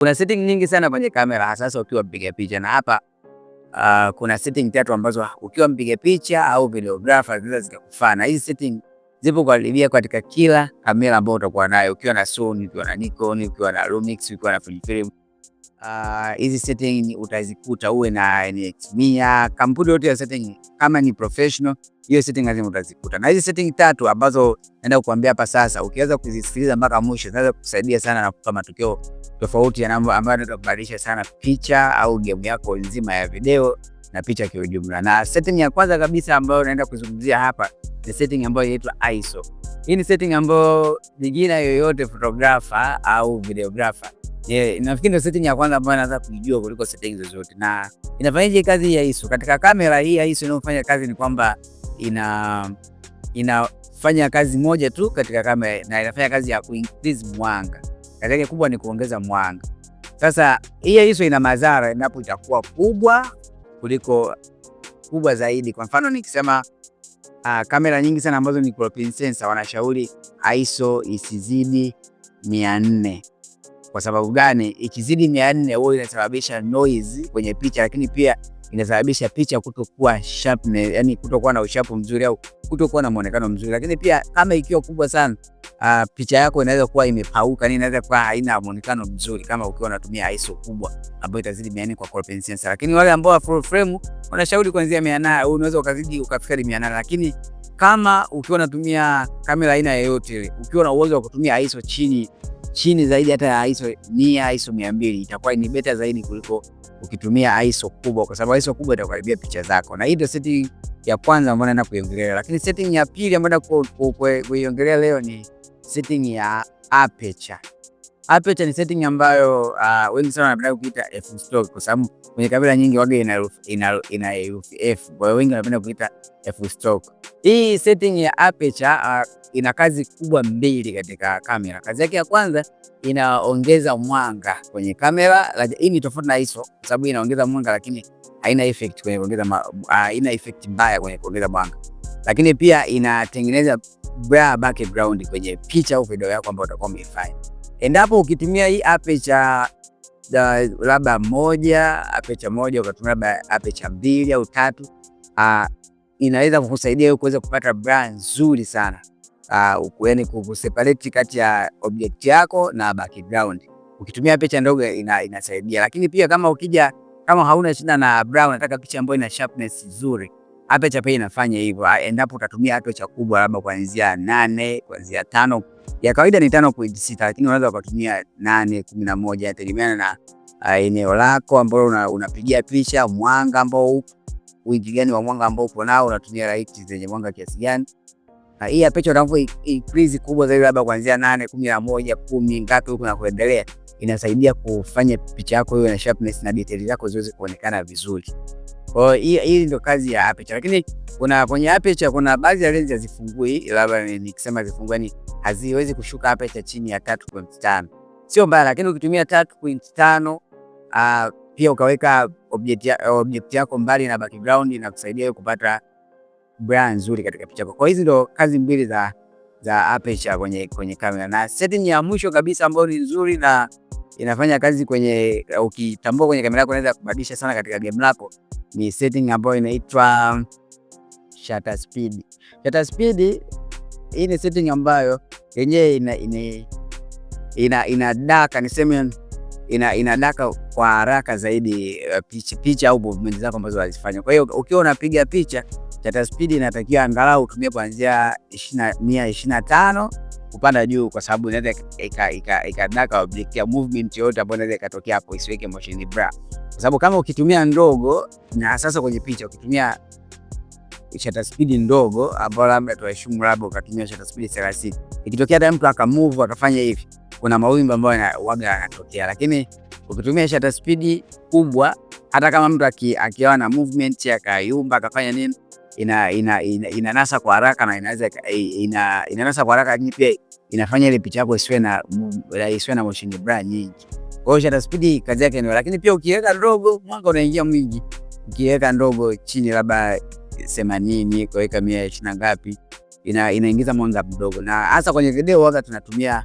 Kuna setting nyingi sana kwenye kamera hasa sasa ukiwa mpiga picha na hapa uh, kuna setting tatu ambazo ukiwa mpiga picha au videographer zinaweza zikakufaa, na hizi setting zipo karibia katika kila kamera ambayo utakuwa nayo, ukiwa na Sony, ukiwa na Nikon, ukiwa na Lumix, ukiwa na film film Ah, hizi uh, setting utazikuta, uwe na engineer, kampuni yote ya setting, kama ni professional, hiyo setting lazima utazikuta. Na hizi setting tatu ambazo naenda kukuambia hapa sasa, ukiweza kuzisikiliza mpaka mwisho, zinaweza kukusaidia sana na kutoa matokeo tofauti ambayo yanaweza kubadilisha sana picha au game yako nzima ya video na picha kwa ujumla. Na setting ya kwanza kabisa ambayo naenda kuzungumzia hapa ni setting ambayo inaitwa ISO. Hii ni setting ambayo beginner yoyote photographer au videographer nafikiri ndio setting ya kwanza ambayo naanza kuijua kuliko setting zozote. Na inafanyaje kazi ya ISO? Katika kamera hii ya ISO inayofanya kazi ni kwamba ina inafanya kazi moja tu katika kamera na inafanya kazi ya kuincrease mwanga. Kazi yake kubwa ni kuongeza mwanga. Sasa hii ISO ina madhara inapo itakuwa kubwa kuliko kubwa zaidi. Kwa mfano nikisema uh, kamera nyingi sana ambazo ni crop sensor wanashauri ISO isizidi mia nne. Kwa sababu gani? Ikizidi mia nne huwa inasababisha noise kwenye picha, lakini pia inasababisha picha kutokuwa sharpness, yani kutokuwa na ushapu mzuri au kutokuwa na mwonekano mzuri. Lakini pia kama ikiwa kubwa sana uh, picha yako inaweza kuwa imepauka, ni inaweza kuwa haina mwonekano mzuri kama ukiwa unatumia ISO kubwa ambayo itazidi mia nne kwa crop sensor. Lakini wale ambao full frame wanashauri kuanzia mia 800, unaweza ukazidi ukafika nane. lakini kama ukiwa unatumia kamera aina yoyote ile, ukiwa na uwezo wa kutumia ISO chini chini zaidi hata ya ISO mia ISO mia mbili itakuwa ni beta zaidi kuliko ukitumia ISO kubwa, kwa sababu ISO kubwa itakuharibia picha zako, na hii ndio setting ya kwanza ambayo naenda kuiongelea. Lakini setting ya pili ambayo naenda kuiongelea leo ni setting ya aperture. Apple ni setting ambayo uh, wengi sana wanapenda kuita F stroke kwa sababu kwenye kamera nyingi waga ina ina ina F. Kwa hiyo wengi wanapenda kuita F stroke. Hii setting ya aperture uh, ah, ina kazi kubwa mbili katika kamera. Kazi yake ya kwanza inaongeza mwanga kwenye kamera. Hii ni tofauti na ISO kwa sababu inaongeza mwanga lakini haina effect kwenye kuongeza ah, haina uh, effect mbaya kwenye kuongeza mwanga. Lakini pia inatengeneza blur background kwenye picha au video yako ambayo utakuwa umeifanya endapo ukitumia hii apecha labda moja apecha moja ukatumia labda apecha mbili au tatu, uh, inaweza kukusaidia wewe kuweza kupata brand nzuri sana uh, yani kuseparate kati ya object yako na background. Ukitumia apecha ndogo ina, inasaidia, lakini pia kama ukija kama hauna shida na brown, nataka picha ambayo ina sharpness nzuri cha Pay inafanya hivyo, ah, endapo utatumia cha kubwa, labda kuanzia nane, kuanzia tano, ya kawaida ni tano point sita, lakini unaweza ukatumia nane, kumi na moja, inategemeana na uh, eneo lako ambalo unapigia una picha, mwanga ambao wingi gani wa mwanga ambao upo nao, unatumia light zenye mwanga kiasi gani. Na hii Apecha unavyo increase kubwa zaidi, labda kuanzia nane, kumi na moja, kumi ngapi huko na kuendelea, inasaidia kufanya picha yako iwe na sharpness na detail zako ziweze kuonekana vizuri. Kwa hiyo hii ndio kazi ya aperture, lakini kuna kwenye aperture kuna baadhi ya lenzi hazifungui, labda nikisema zifungua ni haziwezi kushuka aperture chini ya 3.5. Sio mbaya, lakini ukitumia 3.5 uh, ah, pia ukaweka object ya, object yako mbali na background na kusaidia kupata brand nzuri katika picha yako. Kwa hizi ndo kazi mbili za za aperture kwenye kwenye kamera, na setting ya mwisho kabisa ambayo ni nzuri na inafanya kazi kwenye ukitambua kwenye kamera yako, unaweza kubadilisha sana katika game lako ni setting ambayo inaitwa shutter speed. Shutter speed hii ni setting ambayo yenyewe ina, ina, ina, ina daka niseme ina, ina daka kwa haraka zaidi eh, picha, picha au movement zako ambazo unazifanya. Kwa hiyo ukiwa unapiga picha shutter speed inatakiwa angalau utumie kuanzia mia ishirini kupanda juu, kwa sababu inaweza ikadaka ika, ika, ika, ika movement yote ambayo inaweza ikatokea hapo, isiweke motion blur kwa sababu kama ukitumia ndogo, na sasa kwenye picha ukitumia shutter speed ndogo ambayo labda tuheshimu, labda ukatumia shutter speed 30, ikitokea hata mtu akamove akafanya hivi, kuna mawimbi ambayo waga yanatokea, lakini ukitumia shutter speed kubwa, hata kama mtu akiwa na movement akayumba akafanya nini, ina, ina, ina, inanasa kwa haraka na inaweza ina, inanasa kwa haraka, lakini pia inafanya ile picha yako isiwe na isiwe na motion blur nyingi. Kwa hiyo shutter speed kazi yake ndio, lakini pia ukiweka ndogo mwanga unaingia mwingi. Ukiweka ndogo chini labda themanini kaweka mia ishirini na ngapi, ina, inaingiza mwanga mdogo, na hasa kwenye video waga tunatumia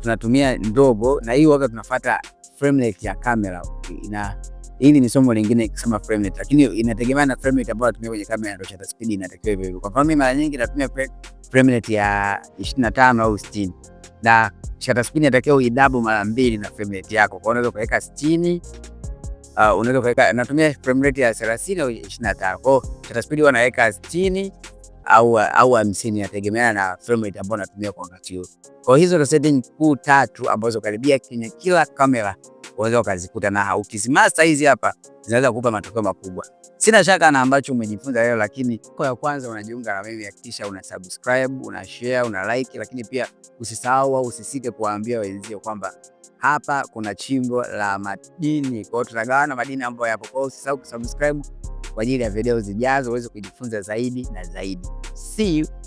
tunatumia ndogo, na hii waga tunafuata frame rate ya kamera ina hili ni somo lingine kusema frame rate, lakini inategemea na frame rate ambayo natumia kwenye kamera, ndio shutter speed inatakiwa hivyo hivyo. Kwa mfano mimi mara nyingi natumia frame rate ya 25 au 60 na shata shataspini inatakiwa uidabu mara mbili na frame rate yako. Kwa hiyo unaweza kuweka 60, uh, unaweza kuweka natumia frame rate ya 30 au 25. Kwa shata shataspini wanaweka 60 au au 50 inategemeana na frame rate ambayo unatumia kwa wakati huo. Kwa hizo ndo setting kuu tatu ambazo karibia kwenye kila kamera unaweza ukazikuta, na ukizimaster hizi hapa zinaweza kukupa matokeo makubwa. Sina shaka na ambacho umejifunza leo, lakini kwa ya kwanza unajiunga na mimi, hakikisha una subscribe, una share, una like, lakini pia usisahau au usisite kuwaambia wenzio kwamba hapa kuna chimbo la madini. Kwa hiyo tunagawa na madini ambayo yapo. Kwa hiyo usisahau kusubscribe kwa ajili ya video zijazo uweze kujifunza zaidi na zaidi. See you.